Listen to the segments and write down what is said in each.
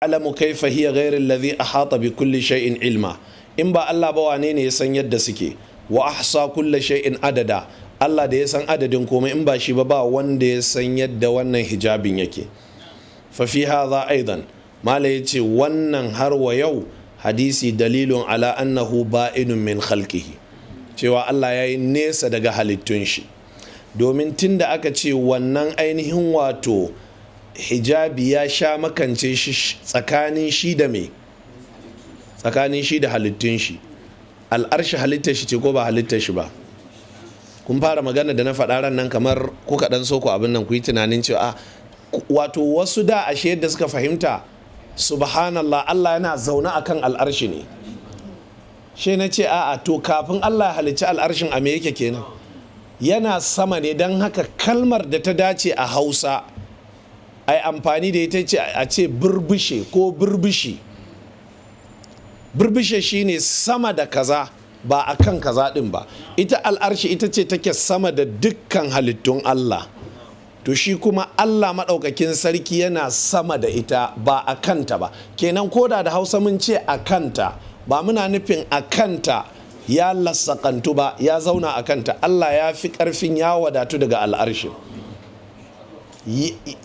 alamu kaifa hiya ghairil ladhi ahata bi kulle shay'in ilma in ba Allah ba wane ne ya san yadda suke wa kulle kulli shay'in adada Allah da ya san adadin komai in ba shi ba ba wanda ya san yadda wannan hijabin yake Fafiha za a idan, mala yace wannan har wa yau hadisi dalilun ala annahu inu min khalqihi cewa Allah ya yi nesa daga halittun shi domin da aka ce wannan ainihin wato hijabi ya sha makance shi tsakanin shi da mai tsakanin shi da halittun shi al'arshi halittar shi ce ko ba halittar shi ba kun fara magana da na faɗa ran nan kamar kuka ɗan soko abin nan ku yi tunanin cewa ah, wato wasu da ashe yadda suka fahimta subhanallah Allah yana zaune a kan al'arshi ne she na ce a'a to kafin Allah ya halicci al'arshin a me yake kenan yana sama ne don haka kalmar da ta dace a Hausa ai amfani da ita ce a ce burbushe ko birbishi burbushe shine sama da kaza ba a kan kaza din ba ita al'arshi ita ce take sama da dukkan halittun Allah to shi kuma Allah maɗaukakin sarki yana sama da ita ba a kanta ba kenan ko da hausa mun ce a kanta ba muna nufin a kanta ya lasakantu ba ya zauna a kanta Allah ya fi ƙarfin ya wadatu daga al'arshi.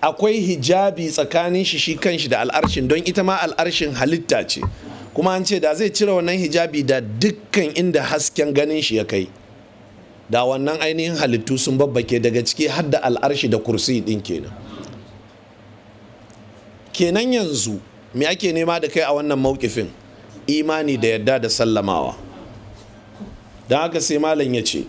akwai hijabi tsakanin shi shi kanshi da al'arshin don ita ma al'arshin halitta ce kuma an ce da zai cire wannan hijabi da dukkan inda hasken ganin shi ya kai da wannan ainihin halittu sun babbake daga ciki har da al'arshi da kursi din kenan kenan yanzu me ake nema da kai a wannan maukifin imani da yadda da sallamawa don haka sai malam ya ce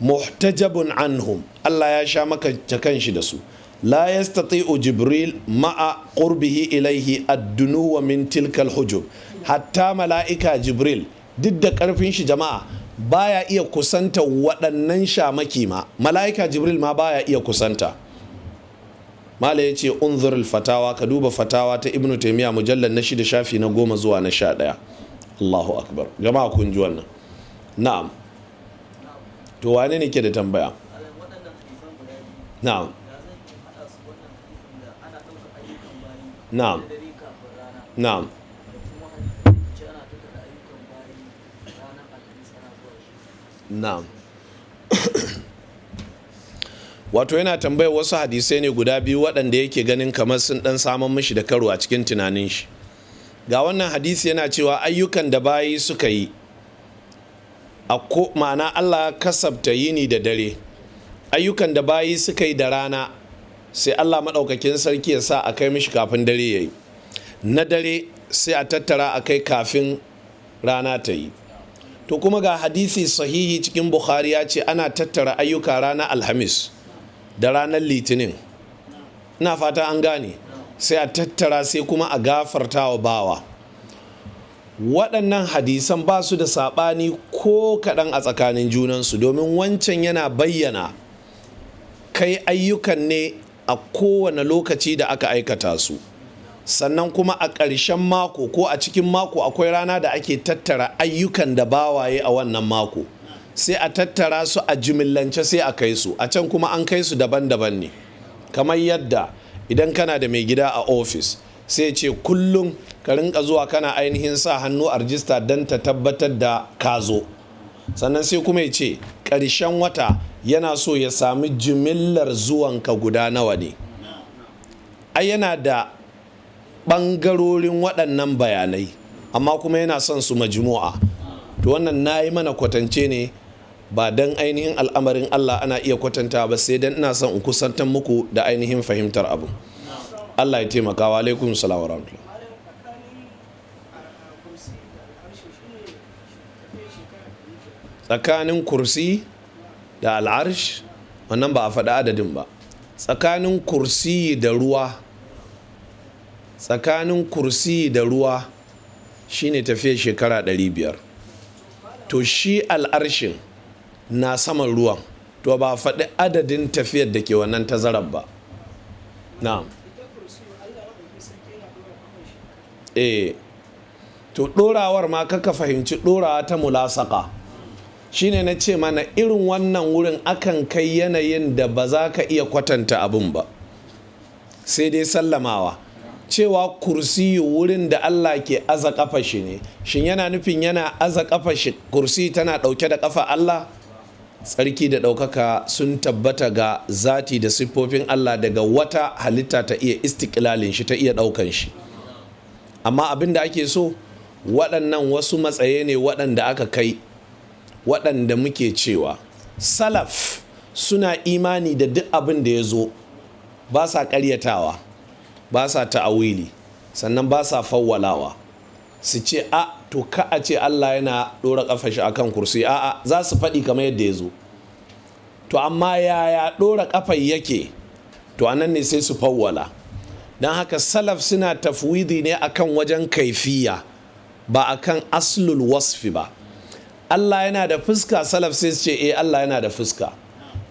muhtajabun anhum Allah ya sha maka kanshi da su la yastati'u jibril ma'a ƙurbihi ilaihi addunuwa tilkal hujub hatta mala'ika jibril duk da karfin shi jama'a baya iya kusanta waɗannan shamaki ma mala'ika jibril ma baya iya kusanta mala ya ce fatawa ka duba fatawa ta ibnu taimiya mujallar na shida shafi na goma zuwa na sha ɗaya allahu akbar jama'a kun ji wannan na'am to wane ne ke da tambaya na'am na'am na'am na'am wato yana tambayar wasu hadisai ne guda biyu waɗanda yake ganin kamar sun ɗan samun mishi da karo a cikin tunanin shi ga wannan hadisi yana cewa ayyukan da bayi suka yi a ma'ana allah kasabta yini da dare ayyukan da bayi suka yi da rana sai allah maɗaukakin sarki ya sa a kai mishi kafin dare ya yi na dare sai a tattara a kai kafin rana ta yi to kuma ga hadisi sahihi cikin bukhari ya ce ana tattara ayyuka rana alhamis da ranar litinin na fata an gane sai a tattara sai kuma a gafarta wa bawa waɗannan hadisan ba su da saɓani ko kaɗan a tsakanin junansu domin wancan yana bayyana kai ayyukan ne a kowane lokaci da aka aikata su sannan kuma a ƙarshen mako ko a cikin mako akwai rana da ake tattara ayyukan da bawaye a wannan mako sai a tattara su a jimillance sai a kai su a can kuma an kai su daban-daban ne kamar yadda idan kana da mai gida a ofis sai ce kullum ka rinka zuwa kana ainihin sa hannu a rijista don ta tabbatar da ka zo sannan sai kuma ya ce ƙarshen wata yana so ya sami jimillar zuwanka guda nawa ne ai yana da ɓangarorin waɗannan bayanai amma kuma yana son su majmu'a to wannan na yi mana kwatance ne ba don ainihin al'amarin Allah ana iya kwatanta ba sai don ina son in kusantar muku da ainihin fahimtar abu Allah ya taimaka wa alaikum salam tsakanin kursi da al'arsh wannan ba a faɗi adadin ba tsakanin kursi da ruwa tsakanin kursi da ruwa shine tafiya shekara 500 to shi al'arshin na saman ruwan to ba faɗi adadin tafiyar da ke wannan tazarar ba na'am eh to ɗorawar ma kaka fahimci ɗorawa ta mulasaka shine na ce mana irin wannan wurin akan kai yanayin da ba za ka iya kwatanta abun ba sai dai sallamawa cewa kursi wurin da Allah ke aza kafa shi ne shin yana nufin yana aza kafa shi kursi tana ɗauke da kafa Allah tsarki da ɗaukaka sun tabbata ga zati da siffofin Allah daga wata halitta ta iya istiklalin shi ta iya ɗaukan shi amma abin da ake so waɗannan wasu matsaye ne waɗanda aka kai waɗanda muke cewa salaf suna imani da duk abin da ya zo ba sa ƙaryatawa ba sa ta'awili sannan ba sa fawwalawa su ce a to ka a ce Allah yana ɗora ƙafa shi akan kursi a a za su faɗi kamar yadda ya zo to amma yaya ɗora ƙafa yake to anan ne sai su fawwala don haka salaf suna tafwidi ne akan wajen kaifiya ba akan aslul wasfi ba Allah yana da fuska salaf sai su ce eh Allah yana da fuska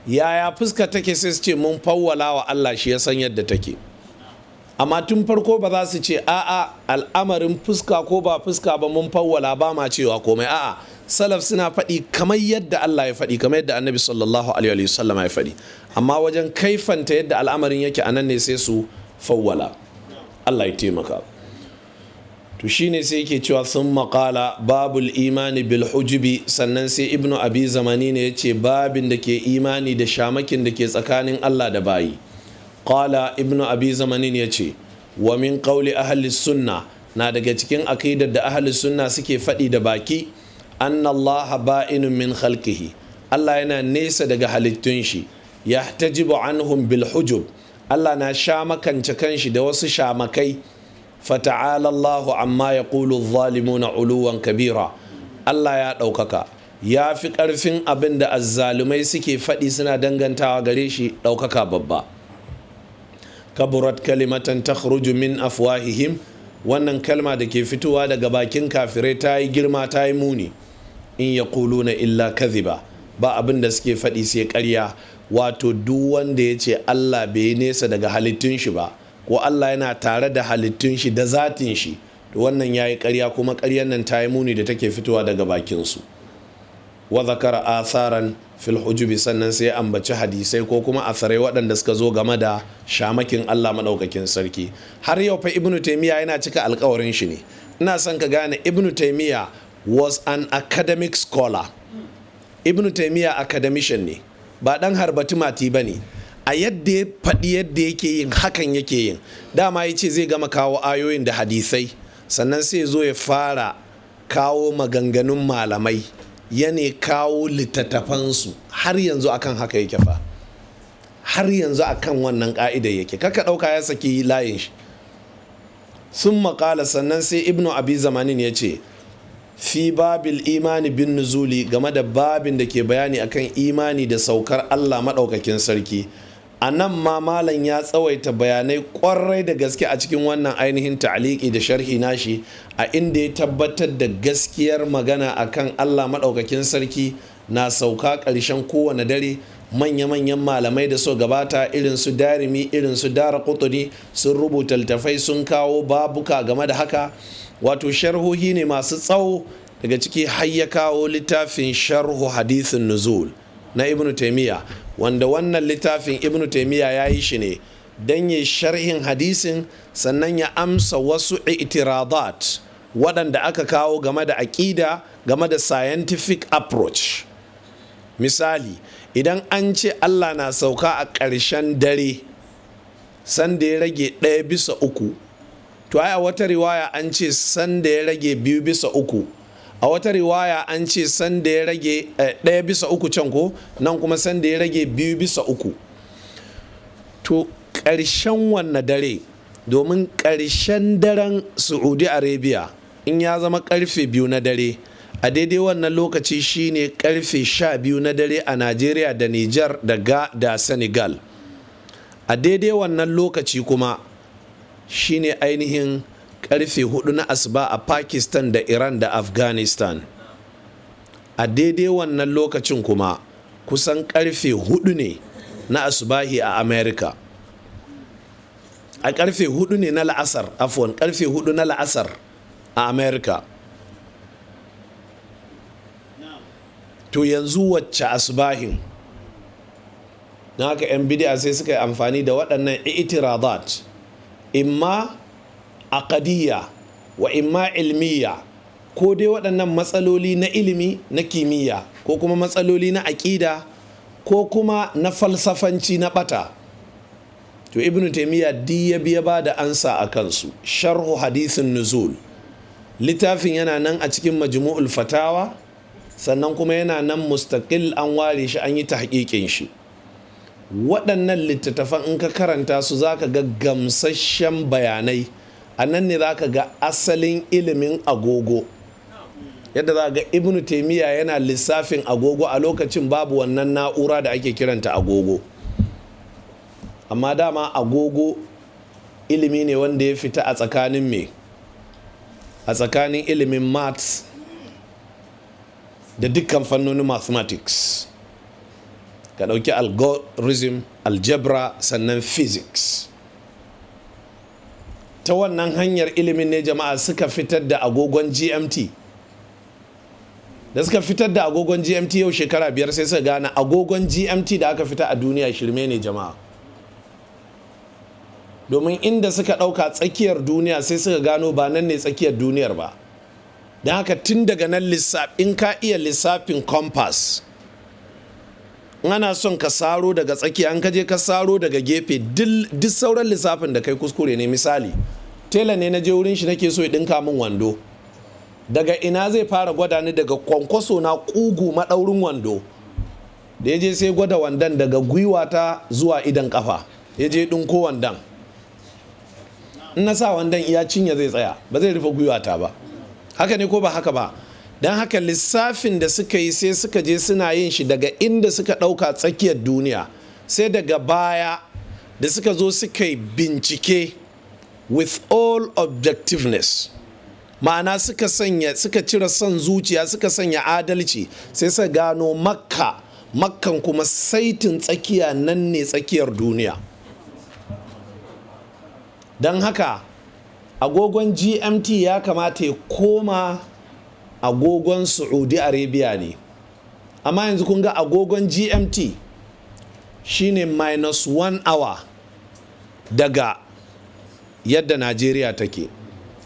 yaya fuska take sai su ce mun fawwala wa Allah shi ya san yadda take amma tun farko ba za su ce a'a al'amarin fuska ko ba fuska ba mun fawwala ba ma cewa komai a'a salaf suna faɗi kamar yadda Allah ya faɗi kamar yadda annabi sallallahu alaihi wasallam ya faɗi amma wajen kaifanta yadda al'amarin yake anan ne sai su fawwala Allah ya taimaka to shine sai yake cewa sun maƙala babul imani bil hujubi sannan sai ibnu abi zamani ne ya ce babin da ke imani da shamakin da ke tsakanin allah da bayi ƙala ibnu abi zamani ya ce wa min ƙauli ahli sunna na daga cikin akidar da ahli sunna suke faɗi da baki annallaha ba'inun min khalqihi allah yana nesa daga halittun shi yahtajibu anhum bil hujub allah na shamakance kanshi da wasu shamakai fata'ala amma ya zalimu na uluwan kabira Allah ya ɗaukaka ya fi ƙarfin abin da azzalumai suke faɗi suna dangantawa gare shi ɗaukaka babba kaburat kalimatan ta min afwahihim wannan kalma da ke fitowa daga bakin kafirai ta yi girma ta yi muni in ya na illa kaziba ba abin da suke faɗi sai karya wato duk wanda ya ce Allah bai nesa daga halittun shi ba Wa Allah yana tare da halittun shi da zatin shi to wannan yayi ƙarya kuma ƙaryar nan ta yi muni da take fitowa daga bakin su wa zakara asaran fil hujubi sannan sai ambaci hadisai ko kuma asarai waɗanda suka zo game da shamakin Allah madaukakin sarki har yau fa ibnu taymiya yana cika alƙawarin shi ne ina son ka gane ibnu taymiya was an academic scholar ibnu taymiya academician ne ba dan harbati mati bane a yadda ya faɗi yadda yake yin hakan yake yin dama ya ce zai gama kawo ayoyin da hadisai sannan sai zo ya fara kawo maganganun malamai yane kawo littattafansu har yanzu akan haka yake fa har yanzu akan wannan ka'idar yake kaka ɗauka ya saki layin shi sun makala sannan sai ibnu abi zamanin ya ce fi babil imani bin nuzuli game da babin da ke bayani akan imani da saukar allah maɗaukakin sarki a nan ma malam ya tsawaita bayanai kwarai da gaske a cikin wannan ainihin ta'aliki da sharhi nashi a inda ya tabbatar da gaskiyar magana akan allah maɗaukakin sarki na sauka ƙarshen kowane dare manya-manyan malamai da so gabata irin su darimi irin su dara kutuni sun rubuta littafai sun kawo babuka game da haka wato sharhohi ne masu tsawo daga ciki har ya kawo littafin sharhu hadisin nuzul na Ibnu taimiyya wanda wannan littafin ibnu taimiyya ya yi shi ne don ya sharhin hadisin sannan ya amsa wasu itiradat waɗanda aka kawo game da aƙida game da scientific approach misali idan an ce allah na sauka a ƙarshen dare sanda ya rage ɗaya bisa uku to a wata riwaya an ce sanda ya rage biyu bisa uku a wata riwaya an ce sanda ya rage eh, ɗaya bisa uku can ko nan kuma sanda ya rage biyu bisa uku to ƙarshen wanne dare domin ƙarshen daren saudi arabia in ya zama ƙarfe biyu na dare a daidai wannan lokaci shine ƙarfe sha biyu na dare a nigeria da niger da ga da senegal a daidai wannan lokaci kuma shine ainihin karfe hudu na asuba a pakistan da iran da afghanistan a daidai wannan lokacin kuma kusan karfe hudu ne na asubahi a america a karfe hudu ne na la'asar afuwan, karfe hudu na la'asar a america to yanzu wacce asubahin na haka 'yan bidiya sai suka yi amfani da waɗannan itiradat imma aqadiyya wa imma ilmiya ko dai waɗannan matsaloli na ilimi na kimiyya ko kuma matsaloli na aƙida ko kuma na falsafanci na ɓata to ibn taimiyya di ya biya ba da ansa a kansu sharhu hadisin nuzul littafin yana nan a cikin majmu'ul fatawa sannan kuma yana nan mustaqil an ware shi an yi tahqiqin shi waɗannan littattafan in ka karanta su za ka ga gamsasshen bayanai a nan ne za ka ga asalin ilimin agogo yadda za ga ibn taimiyya yana lissafin agogo a lokacin babu wannan na'ura da ake kiranta agogo amma dama agogo ilimi ne wanda ya fita a tsakanin me a tsakanin ilimin maths da dukkan fannoni mathematics ka ɗauki algorithm algebra sannan physics ta wannan hanyar ilimin ne jama'a suka fitar da agogon gmt da suka fitar da agogon gmt yau shekara biyar sai suka gane agogon gmt da aka fita a duniya shirme ne jama'a domin inda suka ɗauka tsakiyar duniya sai suka gano ba nan ne tsakiyar duniyar ba don haka tun daga nan lissafin ka iya lissafin compass ana son ka saro daga tsaki an kaje ka saro daga gefe duk sauran lissafin da kai kuskure ne misali tela ne na je wurin shi nake so ya dinka min wando daga ina zai fara gwada ni daga kwankwaso na kugu maɗaurin wando da ya je sai gwada wandan daga gwiwata zuwa idan kafa ya je ko wandan in na sa wandan iya cinye zai tsaya ba zai rufe gwiwata ba haka ne ko ba haka ba don haka lissafin da suka yi sai suka je suna yin shi daga inda suka ɗauka tsakiyar duniya sai daga baya da suka zo suka yi bincike with all objectiveness ma'ana suka sanya suka cire son zuciya suka sanya adalci sai suka gano makka makkan kuma saitin tsakiya nan ne tsakiyar duniya don haka agogon gmt ya kamata ya koma agogon saudi arabia ne amma yanzu kun ga agogon gmt shine minus one hour daga yadda najeriya take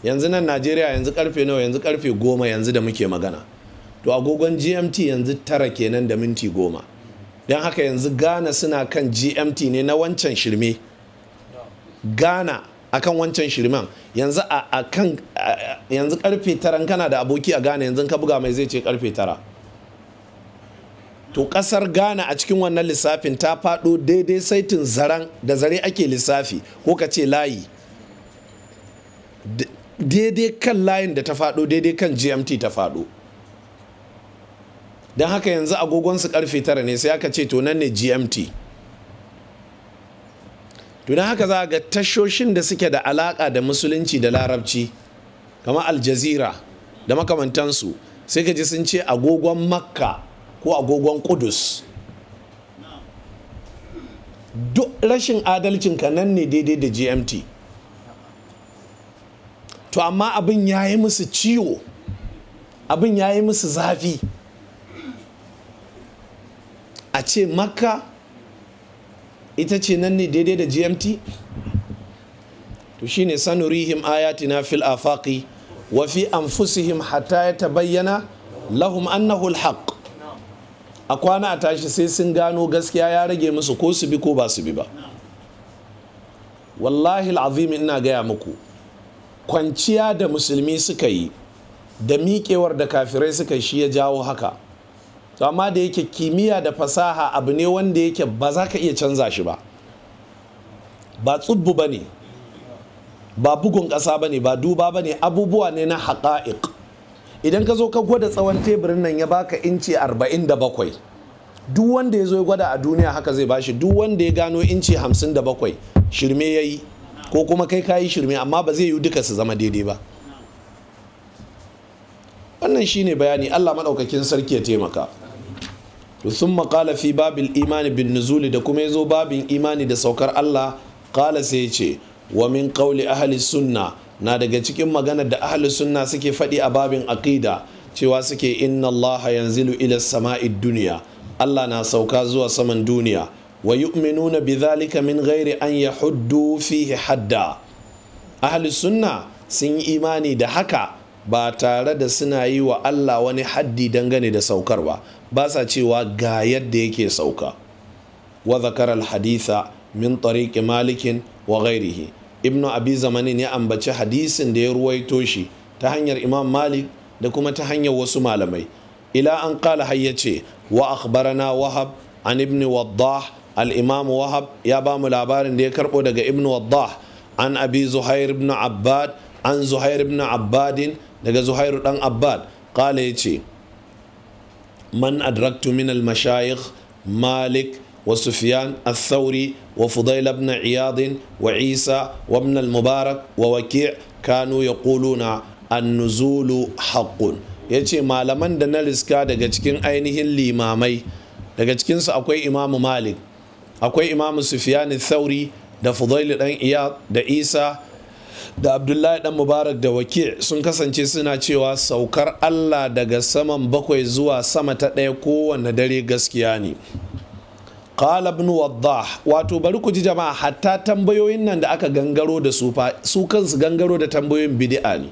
yanzu nan najeriya yanzu karfe nawa yanzu karfe goma yanzu da muke magana to agogon gmt yanzu tara kenan da minti goma don haka yanzu ghana suna kan gmt ne na wancan shirme ghana akan wancan shirman yanzu a kan yanzu karfe tara kana da aboki a Ghana yanzu ka buga mai zai ce karfe tara to kasar Ghana a cikin wannan lissafin ta fado daidai saitin zaren da zare ake lissafi ko ka ce layi daidai kan layin da ta fado daidai kan gmt ta fado don haka yanzu agogonsu karfe tara ne sai aka ce to nan ne gmt to haka za ga tashoshin da suke da alaƙa da musulunci da larabci kamar aljazira da makamantansu sai ka ji sun ce agogon makka ko agogon kudus duk rashin adalcin ka nan ne daidai da gmt to amma abin ya yi musu ciwo abin ya yi musu zafi a ce makka ita ce nan ne daidai da gmt to shine sanurihim ayatina fil afaqi wa fi anfusihim hatta ya tabayyana lahum annahu alhaq a kwana a tashi sai sun gano gaskiya ya rage musu ko su bi ko ba su bi ba wallahi al'azim ina gaya muku kwanciya da musulmi suka yi da miƙewar da kafirai suka shi ya jawo haka to amma da yake kimiyya da fasaha abu ne wanda yake ba za ka iya canza shi ba ba tsubbu ba ne ba bugun ƙasa ba ne ba duba ba ne abubuwa ne na haƙa'iq idan ka zo ka gwada tsawon teburin nan ya baka inci 47 duk wanda ya zo ya gwada a duniya haka zai bashi duk wanda ya gano inci 57 shirme ya yi ko kuma kai kayi shirme amma ba zai yi duka su zama daidai ba wannan shi ne bayani allah maɗaukakin sarki ya taimaka sun maƙala fi babin imani bin da kuma ya zo babin imani da saukar Allah ƙala sai ya ce wa min ƙauli ahli sunna na daga cikin magana da ahli sunna suke fadi a babin aƙida cewa suke inna Allah yanzilu ila sama'i duniya Allah na sauka zuwa saman duniya wa yu'minuna bidhalika min gairi an yahuddu fihi hadda ahli sunna sun yi imani da haka ba tare da suna yi wa Allah wani haddi dangane da saukar ba ba sa cewa ga yadda yake sauka wa zakar alhaditha min tariqi malikin wa ghairihi ibnu abi zamanin ya ambaci hadisin da ya ruwaito shi ta hanyar imam malik da kuma ta hanyar wasu malamai ila an kala hayyace wa akhbarana wahab an ibn waddah al-imam wahab ya ba mu labarin da ya karbo daga ibn waddah an abi zuhair ibn abbad an zuhair ibn abbadin daga zuhairu ɗan abbad kala ya ce man adraktu min al-mashayikh malik wa sufyan al-thawri wa fudayl ibn iyad wa isa wa ibn al-mubarak wa waki' kanu yaquluna an-nuzulu haqqun yace malaman da na riska daga cikin ainihin limamai daga cikinsu akwai imamu malik akwai imamu sufyan al-thawri da fudayl dan iyad da isa da abdullahi dan mubarak da wake sun kasance suna cewa saukar allah daga saman bakwai zuwa sama ta ɗaya kowane dare gaskiya ne qala ibn waddah wato bari ku ji jama'a hatta tambayoyin nan da aka gangaro da su su kansu gangaro da tambayoyin bidi'a ne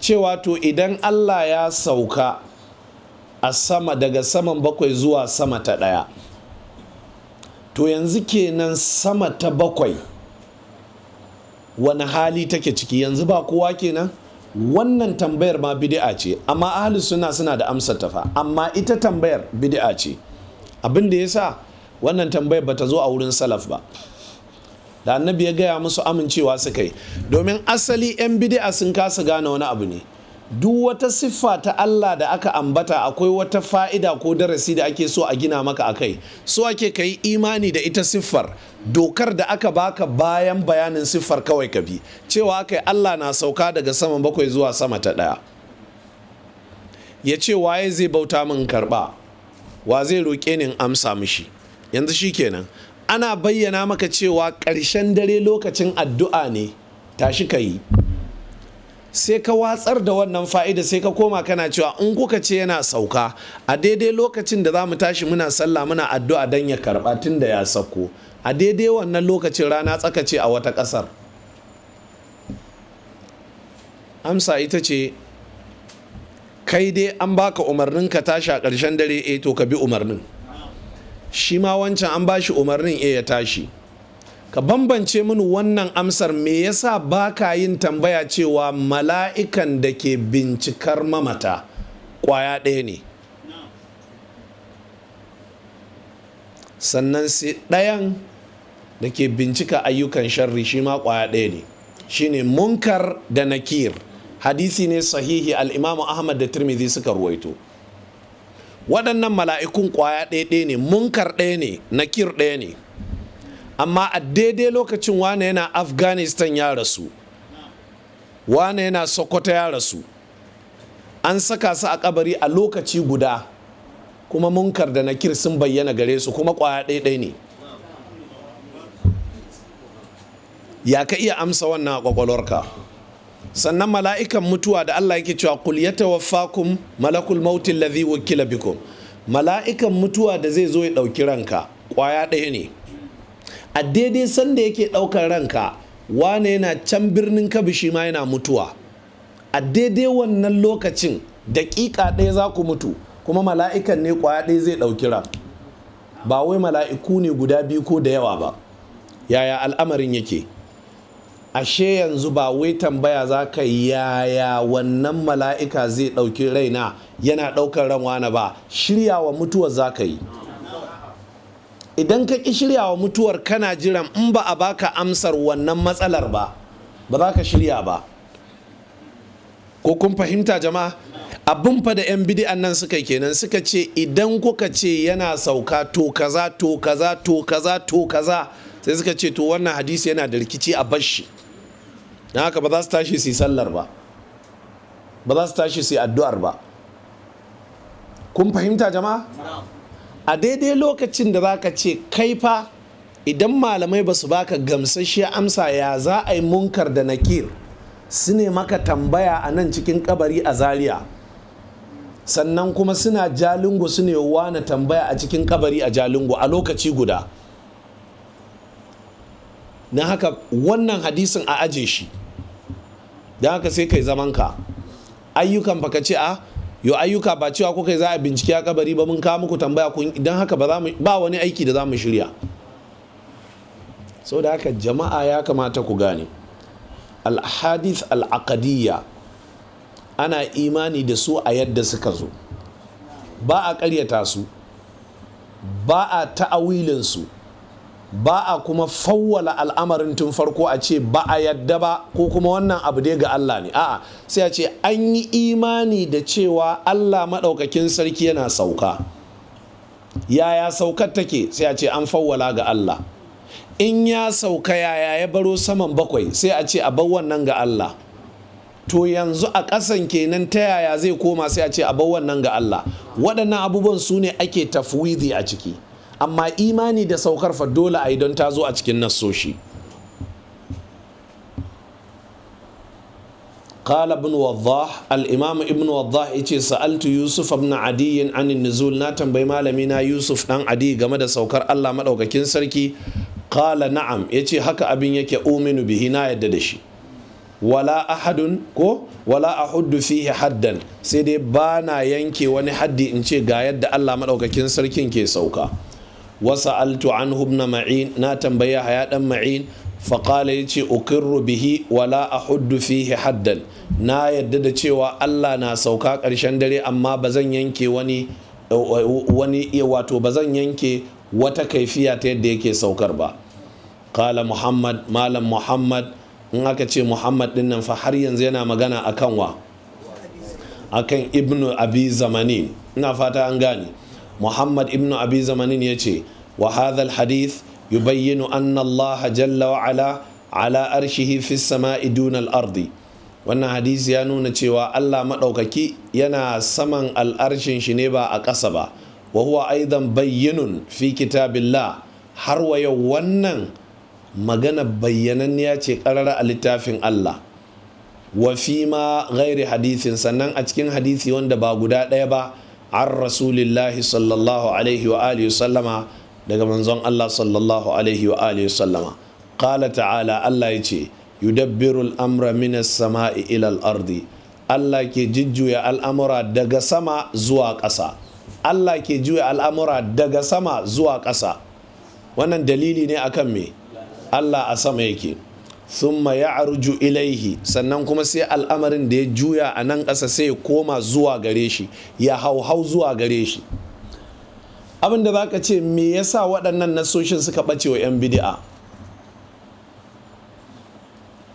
cewa to idan allah ya sauka a sama daga saman bakwai zuwa sama ta ɗaya to yanzu kenan sama ta bakwai wani hali take ciki yanzu ba kowa kenan wannan tambayar ma bid'a ce amma ahli suna suna da amsa tafa amma ita tambayar bid'a ce abin da sa wannan tambayar bata zo a wurin salaf ba da annabi ya gaya musu amincewa su kai, domin asali 'yan bid'a sun kasa gane wani abu ne duk wata siffa ta Allah da aka ambata akwai wata fa'ida ko darasi da ake so a gina maka a kai so ake ka yi imani da ita siffar dokar da aka baka bayan bayanin siffar kawai ka bi cewa aka Allah na sauka daga saman bakwai zuwa sama ta ɗaya ya ce waye zai bauta min karɓa wa zai roƙe ni amsa mishi yanzu shi kenan ana bayyana maka cewa ƙarshen dare lokacin addu'a ne tashi ka yi sai ka watsar da wannan fa'ida sai ka koma kana cewa in kuka ce yana sauka a daidai lokacin da za mu tashi muna sallah muna addu'a don ya karba tun da ya sauko a daidai wannan lokacin rana tsakace a wata ƙasar amsa ita ce kai dai an baka umarnin ka tashi a ƙarshen dare eh to ka bi umarnin shi ma wancan an ba shi umarnin e ya tashi ka bambance min wannan amsar me yasa ba ka yin tambaya cewa mala'ikan da ke bincikar mamata kwaya ɗaya ne sannan sai ɗayan da ke bincika ayyukan sharri shi ma kwaya ɗaya ne shine munkar da nakir hadisi ne sahihi al'imamu ahmad da tirmidhi suka ruwaito waɗannan mala'ikun kwaya ɗaya ne munkar ɗaya ne nakir ɗaya ne amma a daidai lokacin wane yana afghanistan ya rasu wane yana sokoto ya rasu an saka su a kabari a lokaci guda kuma munkar da nakir sun bayyana gare su kuma kwaya ɗaiɗai ne ya ka iya amsa wannan a kwakwalwarka sannan mala'ikan mutuwa da Allah yake cewa kul ya tawaffakum malakul mautin ladhi wakila bikum mala'ikan mutuwa da zai zo ya ɗauki ranka kwaya ɗaya ne a daidai sanda yake ɗaukar ranka wane yana can birnin kabishi ma yana mutuwa a daidai wannan lokacin daƙiƙa ɗaya za ku mutu kuma mala'ikan ne ƙwaya ɗaya zai ɗauki ran ba wai mala'iku ne guda biyu ko da yawa ba yaya al'amarin yake ashe yanzu ba wai tambaya za ka yaya wannan mala'ika zai ɗauki raina yana ɗaukar ran wane ba shiryawa mutuwar za ka yi idan ka shirya wa mutuwar kana jiran in ba a baka amsar wannan matsalar ba ba za ka shirya ba ko kun fahimta jama'a abin fa da 'yan bidi'an nan suka kenan suka ce idan kuka ce yana sauka to kaza to kaza to kaza to kaza sai suka ce to wannan hadisi yana da rikici a bashi don haka ba za su tashi su yi sallar ba ba za su tashi su yi addu'ar ba kun fahimta jama'a a daidai lokacin da zaka ce kai fa idan malamai ba su baka gamsasshiyar amsa ya za a yi munkar da nakir su ne maka tambaya a nan cikin kabari a zaria sannan kuma suna jalingo su ne na tambaya a cikin kabari a jalingo a lokaci guda na haka wannan hadisin a aje shi don haka sai kai zamanka ayyukan baka ce a ah, yo ayyuka ba cewa kuka za a bincike a kabari ba mun kawo muku tambaya kun idan haka ba wani aiki da za mu shirya sau da haka jama'a ya kamata ku gane alhadis hadith ana imani da su a yadda suka zo ba a ƙaryata su ba a ta'awilinsu ba a kuma fawwala al'amarin tun farko a ce ba a yadda ba ko kuma wannan abu dai ga Allah ne a'a sai a ce an yi imani da cewa Allah maɗaukakin sarki yana sauka yaya saukar take sai a ce an fawwala ga Allah in ya sauka yaya ya baro saman bakwai sai a ce a bar wannan ga Allah to yanzu a ƙasan kenan ta yaya zai koma sai a ce a bar wannan ga Allah waɗannan abubuwan su ne ake tafwidi a ciki amma imani da saukar fa dole a don ta zo a cikin nassoshi قال ابن وضاح الامام ابن وضاح yace sa'altu yusuf ibn adi an nuzul na tambayi malami na yusuf ɗan adi game da saukar Allah maɗaukakin sarki qala na'am yace haka abin yake uminu bihi na yadda da shi wala ahadun ko wala ahuddu fihi haddan sai dai bana yanke wani haddi in ce ga yadda Allah maɗaukakin sarkin ke sauka wasa altu an hubna ma'in na tambayi haya dan ma'in faƙala ya ce wala a huddu fihi haddan na yadda da cewa allah na sauka ƙarshen dare amma ba zan yanke wani iya wato ba zan yanke wata kaifiya ta yadda yake saukar ba kala muhammad malam muhammad in aka ce muhammad ɗinnan nan fa har yanzu yana magana akan wa akan ibnu abi zamani ina fata an gane muhammad ibn abi zamanin ya ce wa hadith yi yubayyinu an allaha jalla wa ala ala arshihi fi sama'i duna ardi wannan hadisi ya nuna cewa Allah maɗaukaki yana saman al'arshin shi ne ba a ƙasa ba wa huwa aidan bayyinun fi kitabillah har wa yau wannan magana bayyananniya ce ƙarara a littafin Allah wa fi ma gairi hadithin sannan a cikin hadisi wanda ba guda ɗaya ba an rasulillahi sallallahu alaihi wa alihi sallama daga manzon Allah sallallahu alaihi wa alihi sallama qala ta'ala Allah ya ce yudabbirul amra minas sama'i ilal ardi Allah ke jujjuya al'amura daga sama zuwa ƙasa Allah ke juya al'amura daga sama zuwa ƙasa wannan dalili ne akan me Allah a sama yake ya ya'ruju ilaihi sannan kuma sai al'amarin da ya juya a nan ƙasa sai ya koma zuwa gare shi ya hauhau zuwa gare shi abin da za ka ce me yasa waɗannan nasoshin suka ɓace wa 'yan bidi'a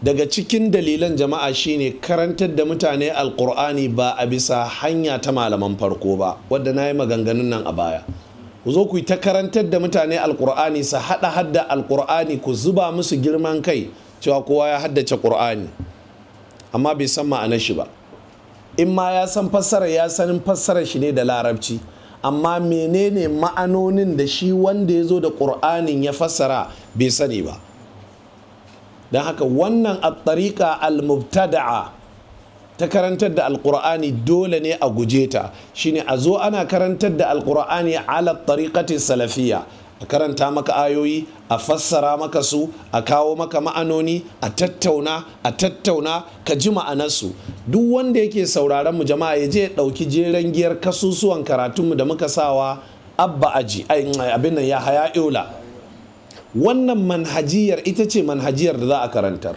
daga cikin dalilan jama'a shine karantar da mutane alkur'ani ba a bisa hanya ta malaman farko ba wadda na yi maganganun nan a baya ku zo ku yi ta karantar da mutane alkur'ani su haɗa hadda alkur'ani ku zuba musu girman kai cewa kowa ya haddace ƙur'ani amma bai san ma'anar shi ba in ma ya san fassara ya sanin fassarar shi ne da larabci amma menene ma'anonin da shi wanda ya zo da ƙur'anin ya fassara bai sani ba don haka wannan at al-mubtada'a ta karantar da alkur'ani dole ne a guje ta shine a zo ana karantar da alkur'ani ala tariqati salafiya. a karanta maka ayoyi a fassara maka su a kawo maka ma'anoni a tattauna a tattauna ka ji ma'anarsu duk wanda yake sauraron mu jama'a ya je dauki jeren giyar kasusuwan karatunmu da muka sawa abba aji abin nan ya haya iula wannan manhajiyar ita ce manhajiyar da za a karantar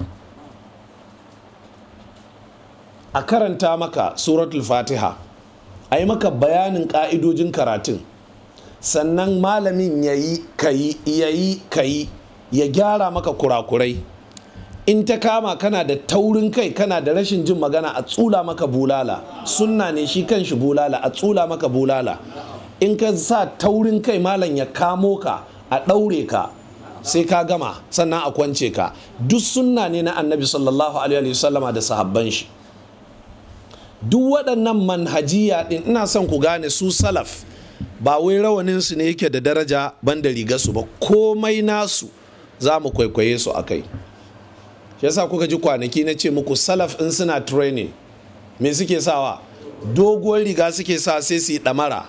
a karanta maka suratul fatiha a yi maka bayanin ka'idojin karatun sannan malamin ya yi kayi ya yi kayi ya gyara maka kurakurai in ta kama kana da taurin kai kana da rashin jin magana a tsula maka bulala sunna ne shi kan shi bulala a tsula maka bulala in ka sa taurin kai malam ya kamo ka a ɗaure ka sai ka gama sannan a kwance ka duk sunna ne na annabi sallallahu alaihi wasallama da sahabban shi duk waɗannan manhajiya ɗin ina son ku gane su salaf ba wai su ne yake da daraja ban da rigarsu ba komai nasu za mu kwaikwaye su a kai yasa kuka ji kwanaki na ce muku salaf in suna training me suke sawa doguwar riga suke sa sai su yi ɗamara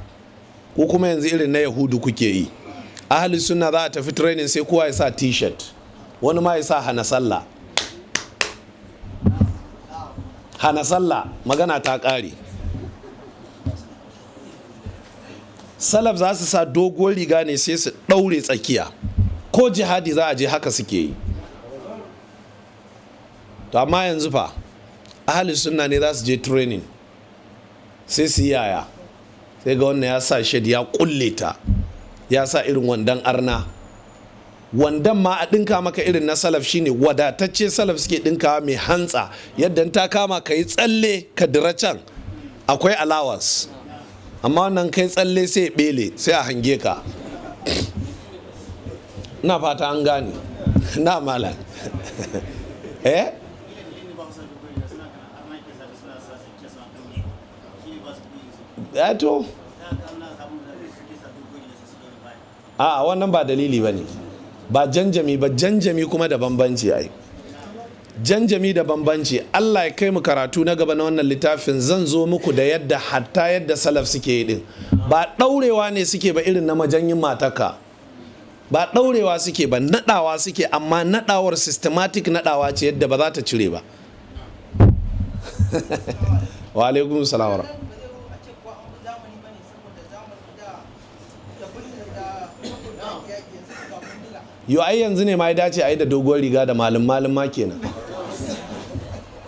ko kuma yanzu irin na yahudu kuke yi ahli suna za a tafi training sai kowa ya sa t-shirt wani ma ya sa hana sallah hana sallah magana ta ƙare salaf za su sa doguwar riga ne sai su ɗaure tsakiya ko jihadi za a je haka suke yi to amma yanzu fa ahalin sunna ne za su je training sai su yaya sai ga wannan ya sa shed ya kulle ta ya sa irin wandan arna wandan ma a ɗinka maka irin na salaf shine wadatacce salaf suke ɗinkawa mai hantsa yadda ta kama ka yi tsalle ka dira can akwai allowance amma nan kai tsalle sai bele sai a hange ka na fata an gane na mala eh Ato? Eh a wannan ba dalili ba ne ba janjami ba janjami kuma da bambanci ai janjami da bambanci Allah ya kai mu karatu na gaba na wannan littafin zan zo muku da yadda hatta yadda salaf suke yi din ba ɗaurewa ne suke ba irin na majanyin mataka ba ɗaurewa suke ba naɗawa suke amma naɗawar systematic naɗawa ce yadda ba za ta cire ba wa alaikum salam yo ai yanzu ne ma ya dace a yi da doguwar riga da malin malin ma kenan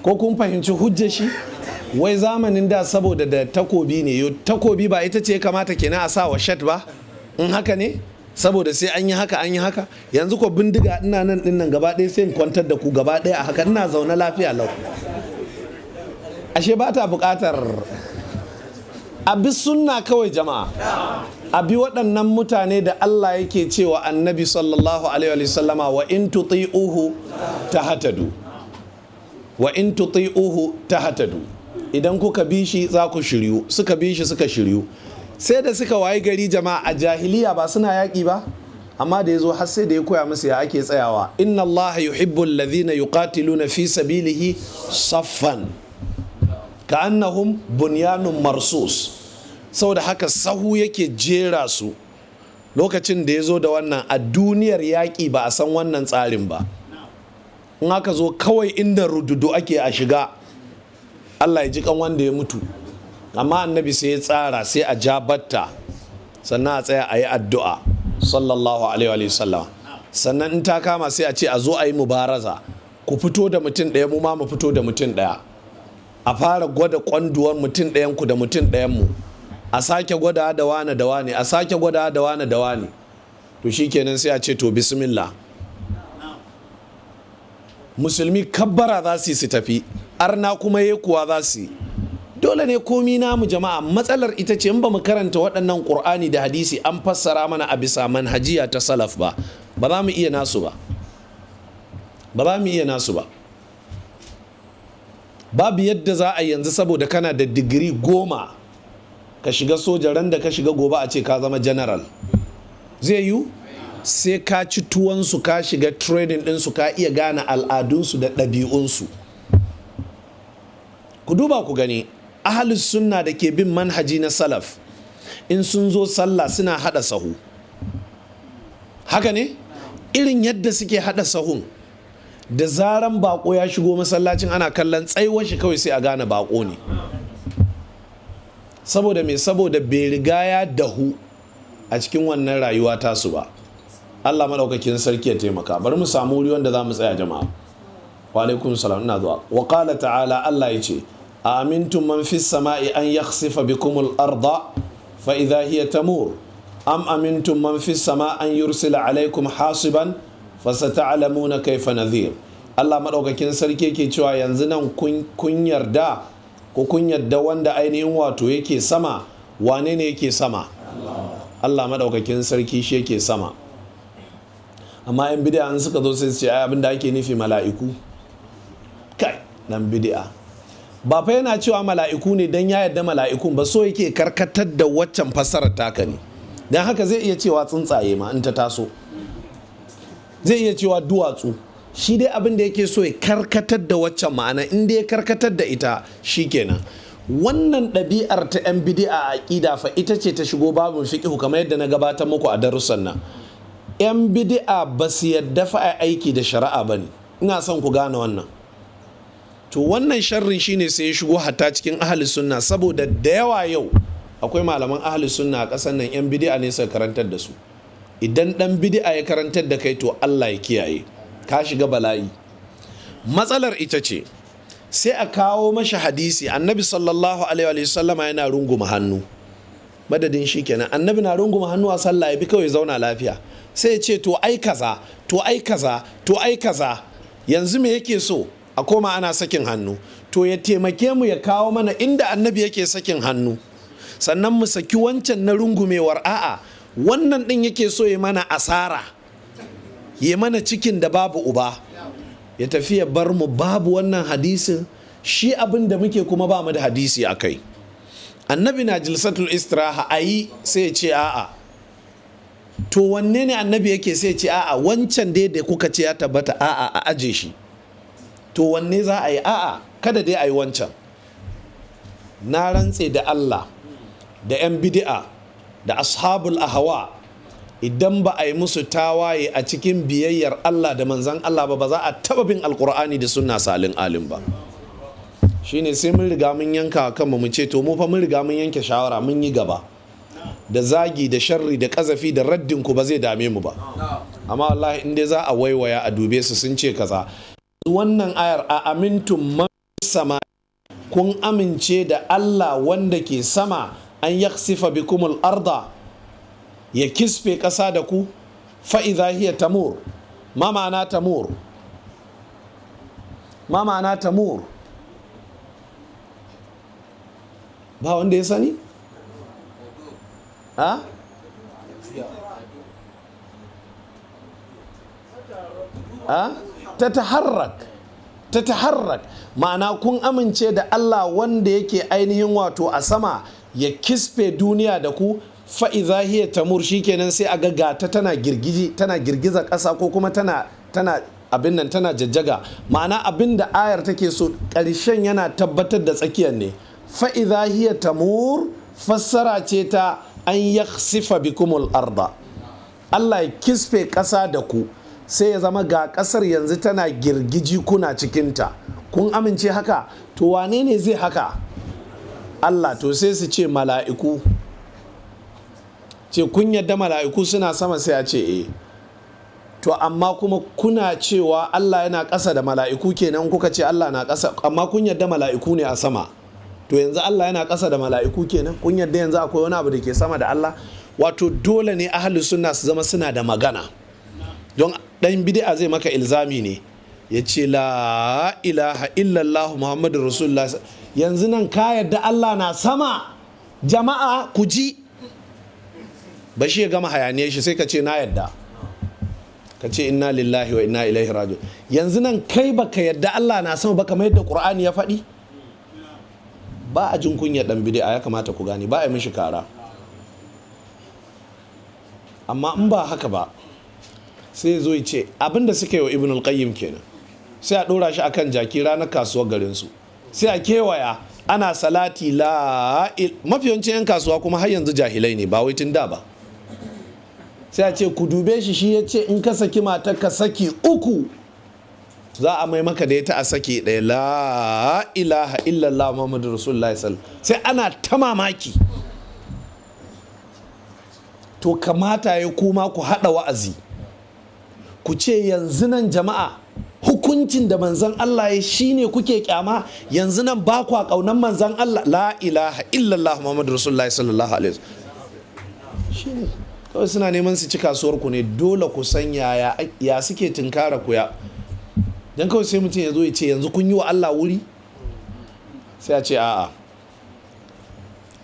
ko kun fahimci hujjar shi wai zamanin da saboda da takobi ne yo takobi ba ita ce kamata kenan a sa wa shat ba in haka ne saboda sai an yi haka an yi haka yanzu ko bindiga ina nan din nan gaba ɗaya sai in kwantar da ku gaba ɗaya a haka ina zaune lafiya lau ashe ba ta buƙatar a bi sunna kawai jama'a a bi waɗannan mutane da Allah yake cewa annabi sallallahu alaihi wa sallama wa in tuti'uhu tahtadu wa in tuti'uhu hatadu. idan kuka bi shi za ku shiryu suka bi shi suka shiryu sai da suka wayi gari jama'a a jahiliya ba suna yaƙi ba amma da ya zo har sai da ya koya musu ya ake tsayawa inna allaha yuhibbul ladhina yuqatiluna fi sabilihi saffan ka'annahum bunyanun marsus saboda haka sahu yake jera su lokacin da ya zo da wannan a duniyar yaƙi ba a san wannan tsarin ba in aka zo kawai inda rududu ake a shiga allah ya ji kan wanda ya mutu amma annabi sai ya tsara sai a ja sannan a tsaya a yi addu'a sallallahu alaihi sallam sannan in ta kama sai a ce a zo a yi mubaraza ku fito da mutum ɗaya mu ma mu fito da mutum ɗaya a fara gwada kwanduwar mutum ɗayan ku da mutum ɗayan mu a sake gwada da wane da wane a sake gwada da wane da wane to shikenan sai a ce to bismillah musulmi kabbara za su su tafi arna kuma ya kuwa za su dole ne komi namu jama'a matsalar ita ce in ba mu karanta waɗannan ƙur'ani da hadisi an fassara mana a bisa manhajiya ta salaf ba ba za mu iya nasu ba ba za mu iya nasu ba babu yadda za a yanzu saboda kana da digiri goma ka shiga soja ran da ka shiga gobe a ce ka zama general zai yiwu sai ka ci tuwansu ka shiga trading ɗinsu ka iya gane al'adunsu da ɗabi'unsu ku duba ku gani ahalus sunna da ke bin manhaji na salaf in sun zo sallah suna hada sahu haka ne irin yadda suke hada sahun da zaran bako ya shigo masallacin ana kallon tsaiwar shi kawai sai a gane bako ne saboda mai saboda bai riga ya dahu a cikin wannan rayuwa tasu ba Allah madaukakin sarki ya taimaka bari mu samu wuri wanda za mu tsaya jama'a wa alaikum salam ina zuwa wa qala ta'ala Allah ya ce amintum man fis sama'i an yakhsifa bikum al-arda fa idha hiya tamur am amintum man fis sama' an yursila alaikum hasiban sata'lamuna kayfa nadhir Allah madaukakin sarki yake cewa yanzu nan kun yarda ko kun yarda wanda ainihin wato yake sama wane ne yake sama Allah madaukakin sarki shi yake sama amma yan bid'a an suka zo sai su ce abin da ake nufi mala'iku kai nan bid'a ba fa yana cewa mala'iku ne dan ya yadda mala'ikun ba so yake karkatar da waccan fasara taka ne dan haka zai iya cewa tsuntsaye ma in ta taso zai iya cewa duwatsu shi dai abin da yake so ya karkatar da waccan ma'ana in dai ya karkatar da ita shi kenan. wannan ɗabi'ar ta 'yan bidi'a a aƙida fa ita ce ta shigo babin fiƙihu kamar yadda na gabatar muku a darussan nan 'yan bidi'a ba su yadda fa aiki da shari'a ba ne ina son ku gane wannan to wannan sharrin shine sai ya shigo hatta cikin ahli sunna saboda da yawa yau akwai malaman ahli sunna a ƙasar nan 'yan bidi'a ne suka karantar da su idan ɗan bidi'a ya karantar da kai to allah ya kiyaye ka shiga bala'i matsalar ita ce sai a kawo mashi hadisi annabi sallallahu alaihi sallama yana runguma hannu madadin shi kenan annabi na runguma hannu a sallah ya bi kawai zauna lafiya sai ya ce to ai kaza to ai kaza to ai kaza yanzu me yake so a koma ana sakin hannu to ya taimake mu ya kawo mana inda annabi yake sakin hannu sannan mu saki wancan na rungumewar a'a wannan din yake so ya mana asara ya mana cikin da babu uba ya tafi ya bar mu babu wannan hadisin shi abin da muke kuma ba mu da hadisi a kai annabi na jilsatul istiraha a yi sai ya ce a'a to wanne ne annabi yake sai ce a'a wancan dai da kuka ce ya tabbata a'a a aje shi to wanne za a yi a'a kada dai a yi wancan na rantse da Allah da 'yan bidi'a da ashabul ahawa idan ba a yi musu tawaye a cikin biyayyar Allah da manzan Allah ba ba za a taba bin alkur'ani da sunna salin alim ba shine sai mun riga mun yanka kanmu mu ce to mu fa mun riga mun yanke shawara mun yi gaba da zagi da sharri da kazafi da raddin ku ba zai dame mu ba amma wallahi in dai za a waiwaya a dube su sun ce kaza wannan ayar a amintun man sama kun amince da Allah wanda ke sama an yaksifa bikumul arda ya kispe kasa da ku fa'iza hiya tamur ma ma'ana tamur ma ma'ana tamur ba wanda ya sani ha ha ta taharrak ta taharrak ma'ana kun amince da Allah wanda yake ainihin wato a sama ya kisfe duniya da ku fa'iza hiya tamur kenan sai a gagata tana girgiji tana girgiza ƙasa ko kuma tana tana abin nan tana jajjaga ma'ana abin da ayar take so ƙarshen yana tabbatar da tsakiyar ne fa'iza hiya tamur fassara ce ta an yaksifa bikumul arda Allah ya kisfe ƙasa da ku sai ya zama ga ƙasar yanzu tana girgiji kuna cikinta kun amince haka to wane ne zai haka Allah to sai su ce mala'iku ce kun yadda mala'iku suna sama sai a ce e to amma kuma kuna cewa Allah yana ƙasa da mala'iku kenan kuka ce Allah na ƙasa amma kun yadda mala'iku ne a sama to yanzu Allah yana ƙasa da mala'iku kenan kun yadda yanzu akwai wani abu da ke sama da Allah wato dole ne ahli sunna su zama suna da magana don dan bid'a zai maka ilzami ne ya ce la ilaha illallah muhammadu rasulullah yanzu nan ka yadda Allah na sama jama'a ku ji ba shi ya gama hayaniyar shi sai ka ce na yadda ka ce inna lillahi wa inna ilaihi raji'un yanzu nan kai baka yadda Allah na sama ba kamar yadda Qur'ani ya faɗi ba a jin kunya dan a ya kamata ku gane ba a mishi kara amma in ba haka ba sai zo ce abinda suka yi wa ibn al kenan sai a dora shi akan jaki ranar kasuwar garin sai a kewaya ana salati la mafi yan kasuwa kuma har yanzu jahilai ne ba wai tun da ba sai a ce ku dube shi shi ya ce in ka saki matar ka saki uku za a mai maka da ta a sake ɗaya la ilaha illallah muhammadu rasulullahi sai ana ta mamaki to kamata ya kuma ku haɗa wa'azi ku ce yanzu nan jama'a hukuncin da manzan Allah ya ne kuke kyama yanzu nan ba kwa kaunan manzan Allah la ilaha illallah muhammadu rasulullahi sallallahu alaihi wasallam kawai suna neman su ci kasuwar ku ne dole ku san yaya ya suke tunkara ku ya don kawai sai mutum ya zo ya ce yanzu kun yi wa Allah wuri sai a ce a'a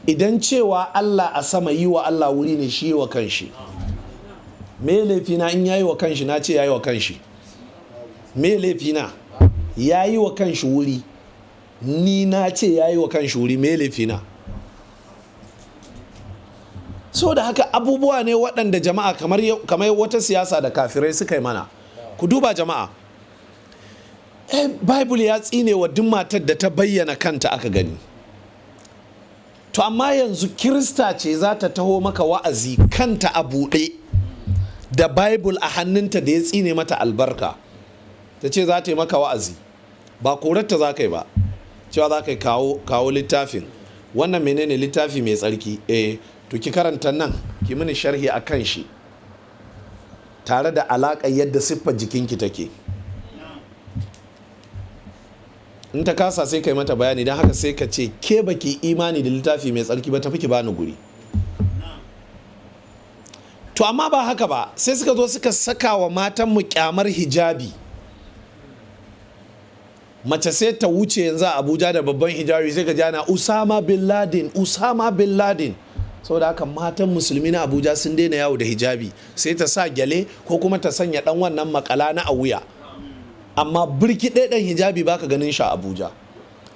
idan cewa Allah a sama yi wa Allah wuri ne shi wa kanshi me laifina in yayi wa kanshi na ce yayi wa kanshi me laifina yayi wa kanshi wuri ni na ce yayi wa kanshi wuri me laifina so da haka abubuwa ne waɗanda jama'a kamar wata siyasa da kafirai suka yi mana ku duba jama'a eh bible ya tsine wa duk matar da ta bayyana kanta aka gani to amma yanzu kirista ce za ta taho maka wa'azi kanta a buɗe da bible a hannunta da ya tsine mata albarka ta ce za ta yi maka wa'azi ba korarta za ka yi ba cewa za ka yi kawo, kawo littafin wannan menene littafi mai tsarki eh to ki karanta nan ki mini sharhi a kan shi tare da alaƙar yadda siffar jikinki take in ta kasa sai kai mata bayani don haka sai ka ce ke baki imani da littafi mai tsarki ba tafi ki bani guri to amma ba haka ba sai suka zo suka saka wa matan mu kyamar hijabi mace sai ta wuce yanzu a abuja da babban hijabi sai ka jana usama bin ladin usama bin ladin saboda haka matan musulmi na abuja sun daina yawo da hijabi sai ta sa gyale ko kuma ta sanya dan wannan makala na a wuya amma birki ɗan hijabi baka ganin shi a abuja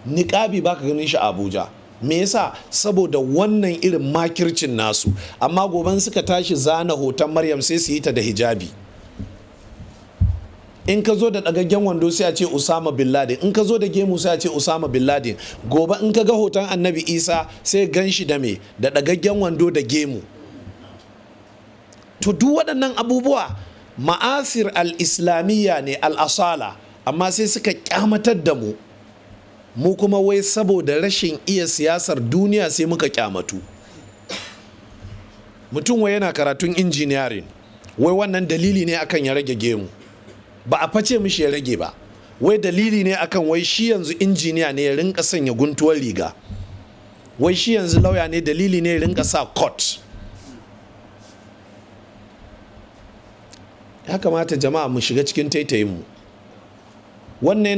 niƙabi baka ganin shi a abuja me yasa saboda wannan irin makircin nasu amma goben suka tashi zana hoton maryam sai su yi ta da hijabi in ka zo da ɗagaggen wando sai a ce usama bin laden in ka zo da gemu sai a ce usama bin laden gobe in ka ga hoton annabi isa sai gan shi da me da ɗagaggen wando da gemu to duk waɗannan abubuwa ma'asir al-islamiyya ne al-asala amma sai suka kyamatar da mu mu kuma wai saboda rashin iya siyasar duniya sai muka kyamatu mutum wai yana karatun injiniyarin wai wannan dalili ne akan ya rage gemu ba a face mishi ya rage ba wai dalili ne akan wai shi yanzu injiniya ne ya rinka sanya guntuwar riga wai shi yanzu lauya ne dalili ne ya rinka sa court ya kamata jama'a mu shiga cikin taitayinmu wannan